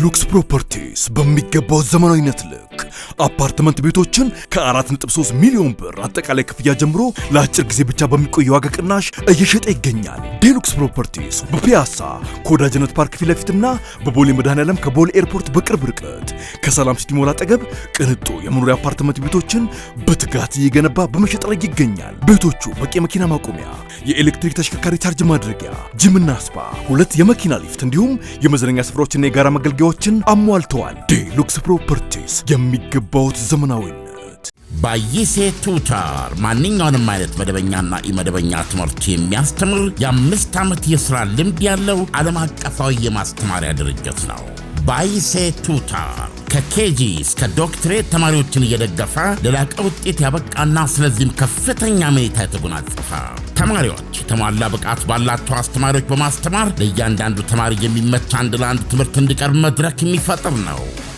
ዲሉክስ ፕሮፐርቲስ በሚገባው ዘመናዊነት ልክ አፓርትመንት ቤቶችን ከ4.3 ሚሊዮን ብር አጠቃላይ ክፍያ ጀምሮ ለአጭር ጊዜ ብቻ በሚቆየ ዋጋ ቅናሽ እየሸጠ ይገኛል። ዲሉክስ ፕሮፐርቲስ በፒያሳ ከወዳጅነት ፓርክ ፊት ለፊትና በቦሌ መድኃኔዓለም ከቦሌ ኤርፖርት በቅርብ ርቀት ከሰላም ሲቲ ሞል አጠገብ ቅንጡ የመኖሪያ አፓርትመንት ቤቶችን በትጋት እየገነባ በመሸጥ ላይ ይገኛል። ቤቶቹ በቂ የመኪና ማቆሚያ፣ የኤሌክትሪክ ተሽከርካሪ ቻርጅ ማድረጊያ፣ ጅምና ስፓ፣ ሁለት የመኪና ሊፍት እንዲሁም የመዝናኛ ስፍራዎችና የጋራ መገልገያ። ሁኔታዎችን አሟልተዋል። ዴሉክስ ፕሮፐርቲስ የሚገባውት ዘመናዊነት ባይሴ ቱተር ማንኛውንም አይነት መደበኛና ኢመደበኛ ትምህርት የሚያስተምር የአምስት ዓመት የሥራ ልምድ ያለው ዓለም አቀፋዊ የማስተማሪያ ድርጅት ነው። ባይሴ ቱተር ከኬጂ እስከ ዶክትሬት ተማሪዎችን እየደገፈ ለላቀ ውጤት ያበቃና ስለዚህም ከፍተኛ መኔታ የተጎናጸፈ ተማሪዎች የተሟላ ብቃት ባላቸው አስተማሪዎች በማስተማር ለእያንዳንዱ ተማሪ የሚመች አንድ ለአንድ ትምህርት እንዲቀርብ መድረክ የሚፈጥር ነው።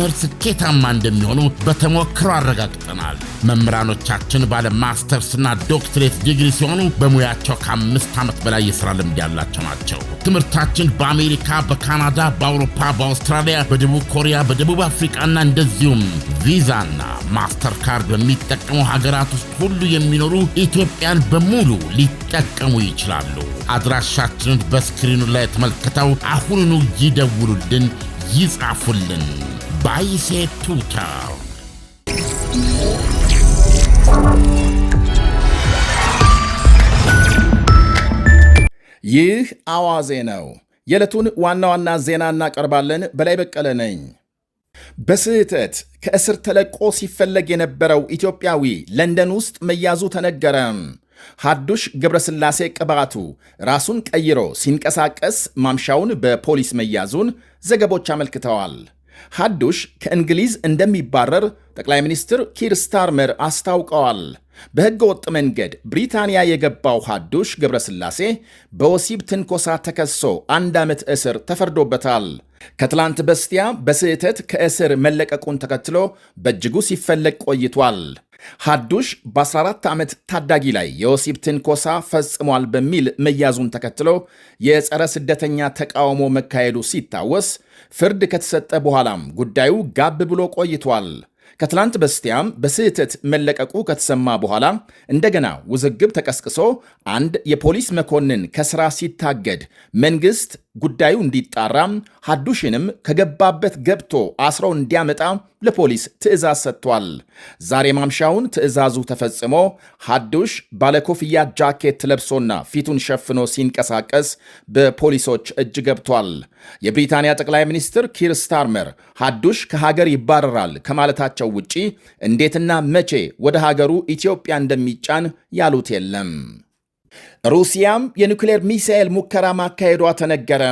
በትምህርት ስኬታማ እንደሚሆኑ በተሞክሮ አረጋግጠናል። መምህራኖቻችን ባለ ማስተርስና ዶክትሬት ዲግሪ ሲሆኑ በሙያቸው ከአምስት ዓመት በላይ የሥራ ልምድ ያላቸው ናቸው። ትምህርታችን በአሜሪካ፣ በካናዳ፣ በአውሮፓ፣ በአውስትራሊያ፣ በደቡብ ኮሪያ፣ በደቡብ አፍሪቃና እንደዚሁም ቪዛና ማስተር ካርድ በሚጠቀሙ ሀገራት ውስጥ ሁሉ የሚኖሩ ኢትዮጵያን በሙሉ ሊጠቀሙ ይችላሉ። አድራሻችንን በስክሪኑ ላይ ተመልክተው አሁኑኑ ይደውሉልን፣ ይጻፉልን። Bajse Total. ይህ አዋዜ ነው። የዕለቱን ዋና ዋና ዜና እናቀርባለን። በላይ በቀለ ነኝ። በስህተት ከእስር ተለቆ ሲፈለግ የነበረው ኢትዮጵያዊ ለንደን ውስጥ መያዙ ተነገረ። ሐዱሽ ገብረስላሴ ቅባቱ ራሱን ቀይሮ ሲንቀሳቀስ ማምሻውን በፖሊስ መያዙን ዘገቦች አመልክተዋል። ሀዱሽ ከእንግሊዝ እንደሚባረር ጠቅላይ ሚኒስትር ኪር ስታርመር አስታውቀዋል። በሕገ ወጥ መንገድ ብሪታንያ የገባው ሀዱሽ ገብረስላሴ በወሲብ ትንኮሳ ተከሶ አንድ ዓመት እስር ተፈርዶበታል። ከትላንት በስቲያ በስህተት ከእስር መለቀቁን ተከትሎ በእጅጉ ሲፈለግ ቆይቷል። ሐዱሽ በ14 ዓመት ታዳጊ ላይ የወሲብ ትንኮሳ ፈጽሟል በሚል መያዙን ተከትሎ የጸረ ስደተኛ ተቃውሞ መካሄዱ ሲታወስ ፍርድ ከተሰጠ በኋላም ጉዳዩ ጋብ ብሎ ቆይቷል። ከትላንት በስቲያም በስህተት መለቀቁ ከተሰማ በኋላ እንደገና ውዝግብ ተቀስቅሶ አንድ የፖሊስ መኮንን ከስራ ሲታገድ መንግስት ጉዳዩ እንዲጣራ ሐዱሽንም ከገባበት ገብቶ አስረው እንዲያመጣ ለፖሊስ ትዕዛዝ ሰጥቷል። ዛሬ ማምሻውን ትዕዛዙ ተፈጽሞ ሐዱሽ ባለኮፍያ ጃኬት ለብሶና ፊቱን ሸፍኖ ሲንቀሳቀስ በፖሊሶች እጅ ገብቷል። የብሪታንያ ጠቅላይ ሚኒስትር ኪር ስታርመር ሐዱሽ ከሀገር ይባረራል ከማለታቸው ውጪ እንዴትና መቼ ወደ ሀገሩ ኢትዮጵያ እንደሚጫን ያሉት የለም። ሩሲያም የኒውክሌር ሚሳኤል ሙከራ ማካሄዷ ተነገረ።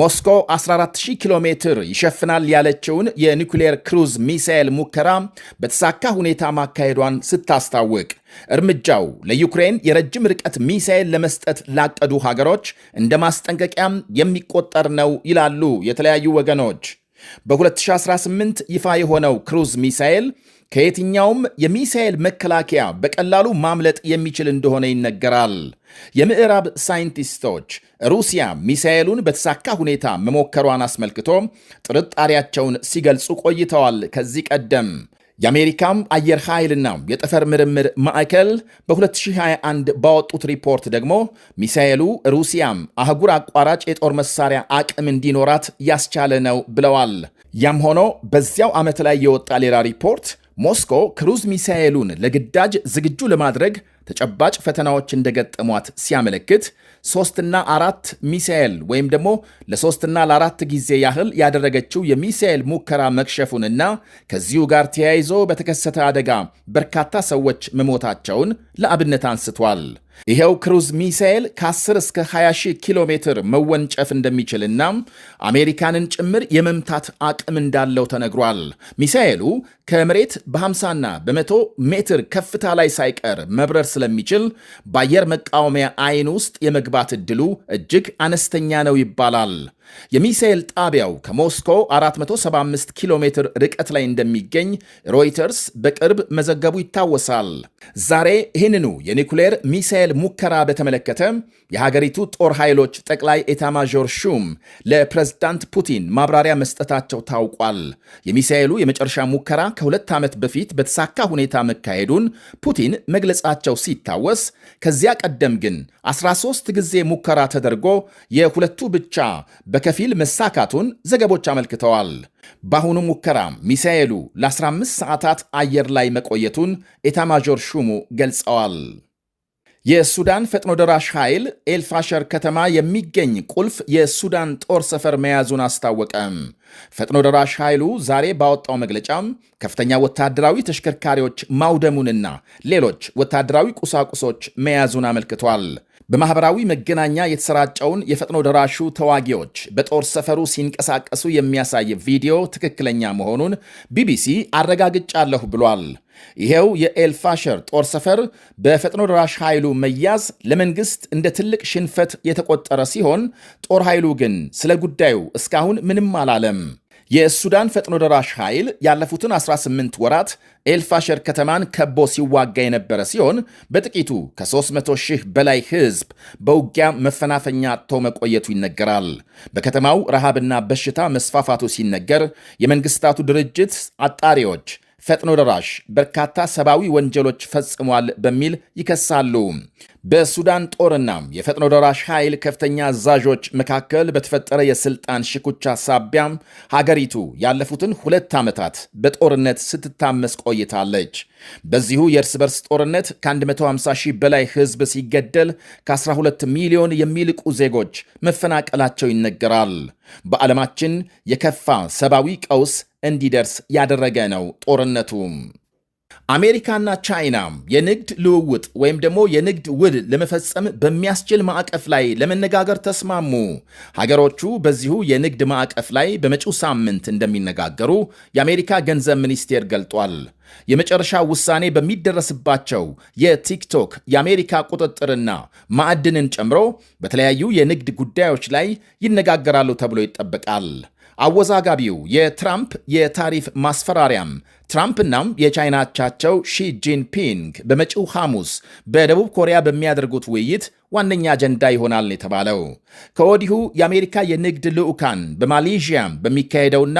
ሞስኮ 140 ኪሎ ሜትር ይሸፍናል ያለችውን የኒውክሌር ክሩዝ ሚሳኤል ሙከራ በተሳካ ሁኔታ ማካሄዷን ስታስታውቅ እርምጃው ለዩክሬን የረጅም ርቀት ሚሳኤል ለመስጠት ላቀዱ ሀገሮች እንደ ማስጠንቀቂያም የሚቆጠር ነው ይላሉ የተለያዩ ወገኖች። በ2018 ይፋ የሆነው ክሩዝ ሚሳኤል ከየትኛውም የሚሳኤል መከላከያ በቀላሉ ማምለጥ የሚችል እንደሆነ ይነገራል። የምዕራብ ሳይንቲስቶች ሩሲያ ሚሳኤሉን በተሳካ ሁኔታ መሞከሯን አስመልክቶ ጥርጣሬያቸውን ሲገልጹ ቆይተዋል ከዚህ ቀደም የአሜሪካም አየር ኃይልና የጠፈር ምርምር ማዕከል በ2021 ባወጡት ሪፖርት ደግሞ ሚሳኤሉ ሩሲያም አህጉር አቋራጭ የጦር መሳሪያ አቅም እንዲኖራት ያስቻለ ነው ብለዋል። ያም ሆኖ በዚያው ዓመት ላይ የወጣ ሌላ ሪፖርት ሞስኮ ክሩዝ ሚሳኤሉን ለግዳጅ ዝግጁ ለማድረግ ተጨባጭ ፈተናዎች እንደገጠሟት ሲያመለክት ሶስትና አራት ሚሳኤል ወይም ደግሞ ለሶስትና ለአራት ጊዜ ያህል ያደረገችው የሚሳኤል ሙከራ መክሸፉንና ከዚሁ ጋር ተያይዞ በተከሰተ አደጋ በርካታ ሰዎች መሞታቸውን ለአብነት አንስቷል። ይኸው ክሩዝ ሚሳኤል ከ10 እስከ 20 ሺህ ኪሎ ሜትር መወንጨፍ እንደሚችልና አሜሪካንን ጭምር የመምታት አቅም እንዳለው ተነግሯል። ሚሳኤሉ ከመሬት በ50ና በመቶ ሜትር ከፍታ ላይ ሳይቀር መብረር ስለሚችል በአየር መቃወሚያ አይን ውስጥ የመግባት ዕድሉ እጅግ አነስተኛ ነው ይባላል። የሚሳኤል ጣቢያው ከሞስኮ 475 ኪሎ ሜትር ርቀት ላይ እንደሚገኝ ሮይተርስ በቅርብ መዘገቡ ይታወሳል። ዛሬ ይህንኑ የኒኩሌር ሚሳኤል ሙከራ በተመለከተ የሀገሪቱ ጦር ኃይሎች ጠቅላይ ኤታማዦር ሹም ለፕሬዝዳንት ፑቲን ማብራሪያ መስጠታቸው ታውቋል። የሚሳኤሉ የመጨረሻ ሙከራ ከሁለት ዓመት በፊት በተሳካ ሁኔታ መካሄዱን ፑቲን መግለጻቸው ሲታወስ ከዚያ ቀደም ግን 13 ጊዜ ሙከራ ተደርጎ የሁለቱ ብቻ በከፊል መሳካቱን ዘገቦች አመልክተዋል። በአሁኑ ሙከራ ሚሳኤሉ ለ15 ሰዓታት አየር ላይ መቆየቱን ኤታማዦር ሹሙ ገልጸዋል። የሱዳን ፈጥኖ ደራሽ ኃይል ኤልፋሸር ከተማ የሚገኝ ቁልፍ የሱዳን ጦር ሰፈር መያዙን አስታወቀም። ፈጥኖ ደራሽ ኃይሉ ዛሬ ባወጣው መግለጫም ከፍተኛ ወታደራዊ ተሽከርካሪዎች ማውደሙንና ሌሎች ወታደራዊ ቁሳቁሶች መያዙን አመልክቷል። በማኅበራዊ መገናኛ የተሰራጨውን የፈጥኖ ደራሹ ተዋጊዎች በጦር ሰፈሩ ሲንቀሳቀሱ የሚያሳይ ቪዲዮ ትክክለኛ መሆኑን ቢቢሲ አረጋግጫለሁ ብሏል። ይሄው የኤልፋሸር ጦር ሰፈር በፈጥኖ ደራሽ ኃይሉ መያዝ ለመንግሥት እንደ ትልቅ ሽንፈት የተቆጠረ ሲሆን፣ ጦር ኃይሉ ግን ስለ ጉዳዩ እስካሁን ምንም አላለም። የሱዳን ፈጥኖ ደራሽ ኃይል ያለፉትን 18 ወራት ኤልፋሸር ከተማን ከቦ ሲዋጋ የነበረ ሲሆን በጥቂቱ ከ300 ሺህ በላይ ሕዝብ በውጊያ መፈናፈኛ አጥቶ መቆየቱ ይነገራል። በከተማው ረሃብና በሽታ መስፋፋቱ ሲነገር የመንግስታቱ ድርጅት አጣሪዎች ፈጥኖ ደራሽ በርካታ ሰብአዊ ወንጀሎች ፈጽሟል በሚል ይከሳሉ። በሱዳን ጦርና የፈጥኖ ደራሽ ኃይል ከፍተኛ አዛዦች መካከል በተፈጠረ የስልጣን ሽኩቻ ሳቢያ ሀገሪቱ ያለፉትን ሁለት ዓመታት በጦርነት ስትታመስ ቆይታለች። በዚሁ የእርስ በርስ ጦርነት ከ150 ሺህ በላይ ሕዝብ ሲገደል ከ12 ሚሊዮን የሚልቁ ዜጎች መፈናቀላቸው ይነገራል። በዓለማችን የከፋ ሰብአዊ ቀውስ እንዲደርስ ያደረገ ነው ጦርነቱ። አሜሪካና ቻይና የንግድ ልውውጥ ወይም ደግሞ የንግድ ውል ለመፈጸም በሚያስችል ማዕቀፍ ላይ ለመነጋገር ተስማሙ። ሀገሮቹ በዚሁ የንግድ ማዕቀፍ ላይ በመጪው ሳምንት እንደሚነጋገሩ የአሜሪካ ገንዘብ ሚኒስቴር ገልጧል። የመጨረሻ ውሳኔ በሚደረስባቸው የቲክቶክ የአሜሪካ ቁጥጥርና ማዕድንን ጨምሮ በተለያዩ የንግድ ጉዳዮች ላይ ይነጋገራሉ ተብሎ ይጠበቃል። አወዛጋቢው የትራምፕ የታሪፍ ማስፈራሪያም ትራምፕናም የቻይና አቻቸው ሺ ጂንፒንግ በመጪው ሐሙስ በደቡብ ኮሪያ በሚያደርጉት ውይይት ዋነኛ አጀንዳ ይሆናል የተባለው ከወዲሁ የአሜሪካ የንግድ ልዑካን በማሌዥያም በሚካሄደውና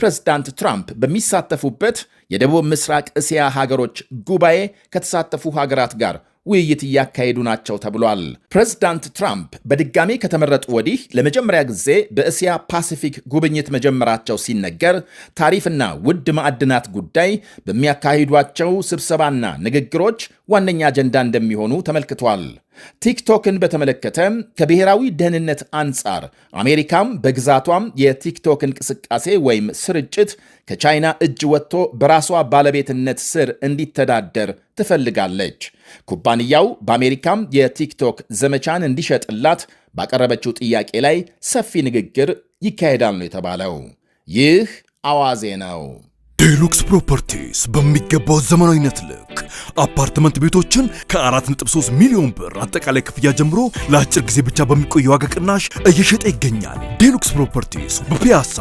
ፕሬዝዳንት ትራምፕ በሚሳተፉበት የደቡብ ምስራቅ እስያ ሀገሮች ጉባኤ ከተሳተፉ ሀገራት ጋር ውይይት እያካሄዱ ናቸው ተብሏል። ፕሬዝዳንት ትራምፕ በድጋሜ ከተመረጡ ወዲህ ለመጀመሪያ ጊዜ በእስያ ፓሲፊክ ጉብኝት መጀመራቸው ሲነገር ታሪፍና ውድ ማዕድናት ጉዳይ በሚያካሂዷቸው ስብሰባና ንግግሮች ዋነኛ አጀንዳ እንደሚሆኑ ተመልክቷል። ቲክቶክን በተመለከተ ከብሔራዊ ደህንነት አንጻር አሜሪካም በግዛቷም የቲክቶክ እንቅስቃሴ ወይም ስርጭት ከቻይና እጅ ወጥቶ በራሷ ባለቤትነት ስር እንዲተዳደር ትፈልጋለች። ኩባንያው በአሜሪካም የቲክቶክ ዘመቻን እንዲሸጥላት ባቀረበችው ጥያቄ ላይ ሰፊ ንግግር ይካሄዳል ነው የተባለው። ይህ አዋዜ ነው። ዴሉክስ ፕሮፐርቲስ በሚገባው ዘመናዊነት ልክ አፓርትመንት ቤቶችን ከ4.3 ሚሊዮን ብር አጠቃላይ ክፍያ ጀምሮ ለአጭር ጊዜ ብቻ በሚቆየ ዋጋ ቅናሽ እየሸጠ ይገኛል። ዴሉክስ ፕሮፐርቲስ በፒያሳ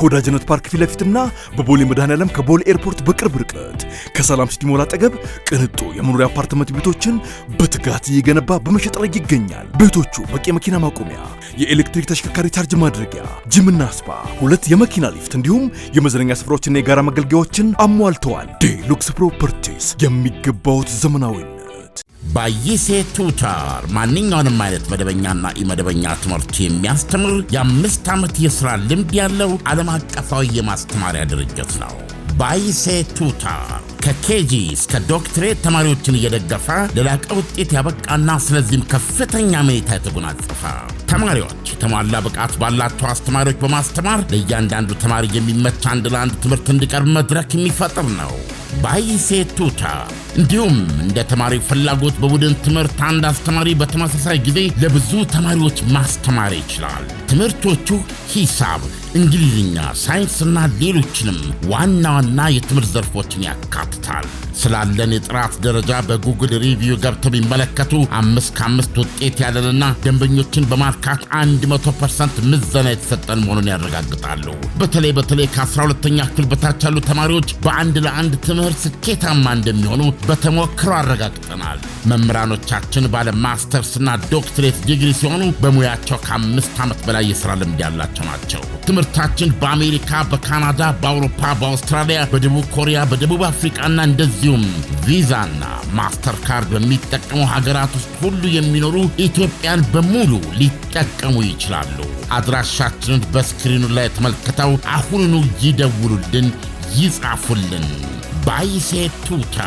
ከወዳጅነት ፓርክ ፊት ለፊትና በቦሌ መድኃኔዓለም ከቦሌ ኤርፖርት በቅርብ ርቀት ከሰላም ሲቲ ሞል አጠገብ ቅንጡ የመኖሪያ አፓርትመንት ቤቶችን በትጋት እየገነባ በመሸጥ ላይ ይገኛል። ቤቶቹ በቂ የመኪና ማቆሚያ፣ የኤሌክትሪክ ተሽከርካሪ ቻርጅ ማድረጊያ፣ ጅምና ስፓ፣ ሁለት የመኪና ሊፍት እንዲሁም የመዝናኛ ስፍራዎችና የጋራ መገልገያ ክፍሎችን አሟልተዋል። ዴሉክስ ፕሮፐርቲስ የሚገባውት ዘመናዊነት ባይሴ ቱተር ማንኛውንም አይነት መደበኛና ኢመደበኛ ትምህርት የሚያስተምር የአምስት ዓመት የሥራ ልምድ ያለው ዓለም አቀፋዊ የማስተማሪያ ድርጅት ነው። ባይሴ ቱተር ከኬጂ እስከ ዶክትሬት ተማሪዎችን እየደገፈ ለላቀ ውጤት ያበቃና ስለዚህም ከፍተኛ መኔታ የተጎናጸፈ ተማሪዎች የተሟላ ብቃት ባላቸው አስተማሪዎች በማስተማር ለእያንዳንዱ ተማሪ የሚመች አንድ ለአንድ ትምህርት እንዲቀርብ መድረክ የሚፈጥር ነው። ባይሴ ቱታ እንዲሁም እንደ ተማሪ ፍላጎት በቡድን ትምህርት አንድ አስተማሪ በተመሳሳይ ጊዜ ለብዙ ተማሪዎች ማስተማር ይችላል። ትምህርቶቹ ሂሳብ፣ እንግሊዝኛ፣ ሳይንስና ሌሎችንም ዋና ዋና የትምህርት ዘርፎችን ያካትታል። ስላለን የጥራት ደረጃ በጉግል ሪቪው ገብተው ቢመለከቱ አምስት ከአምስት ውጤት ያለንና ደንበኞችን በማር ለማርካት 100% ምዘና የተሰጠን መሆኑን ያረጋግጣሉ። በተለይ በተለይ ከ12ተኛ ክፍል በታች ያሉ ተማሪዎች በአንድ ለአንድ ትምህርት ስኬታማ እንደሚሆኑ በተሞክሮ አረጋግጠናል። መምህራኖቻችን ባለ ማስተርስና ዶክትሬት ዲግሪ ሲሆኑ በሙያቸው ከአምስት ዓመት በላይ የሥራ ልምድ ያላቸው ናቸው። ትምህርታችን በአሜሪካ፣ በካናዳ፣ በአውሮፓ፣ በአውስትራሊያ፣ በደቡብ ኮሪያ፣ በደቡብ አፍሪቃና እንደዚሁም ቪዛና ማስተርካርድ በሚጠቀሙ ሀገራት ውስጥ ሁሉ የሚኖሩ ኢትዮጵያን በሙሉ ሊጠቀሙ ይችላሉ። አድራሻችንን በስክሪኑ ላይ ተመልክተው አሁኑኑ ይደውሉልን፣ ይጻፉልን። ባይሴ ቱታ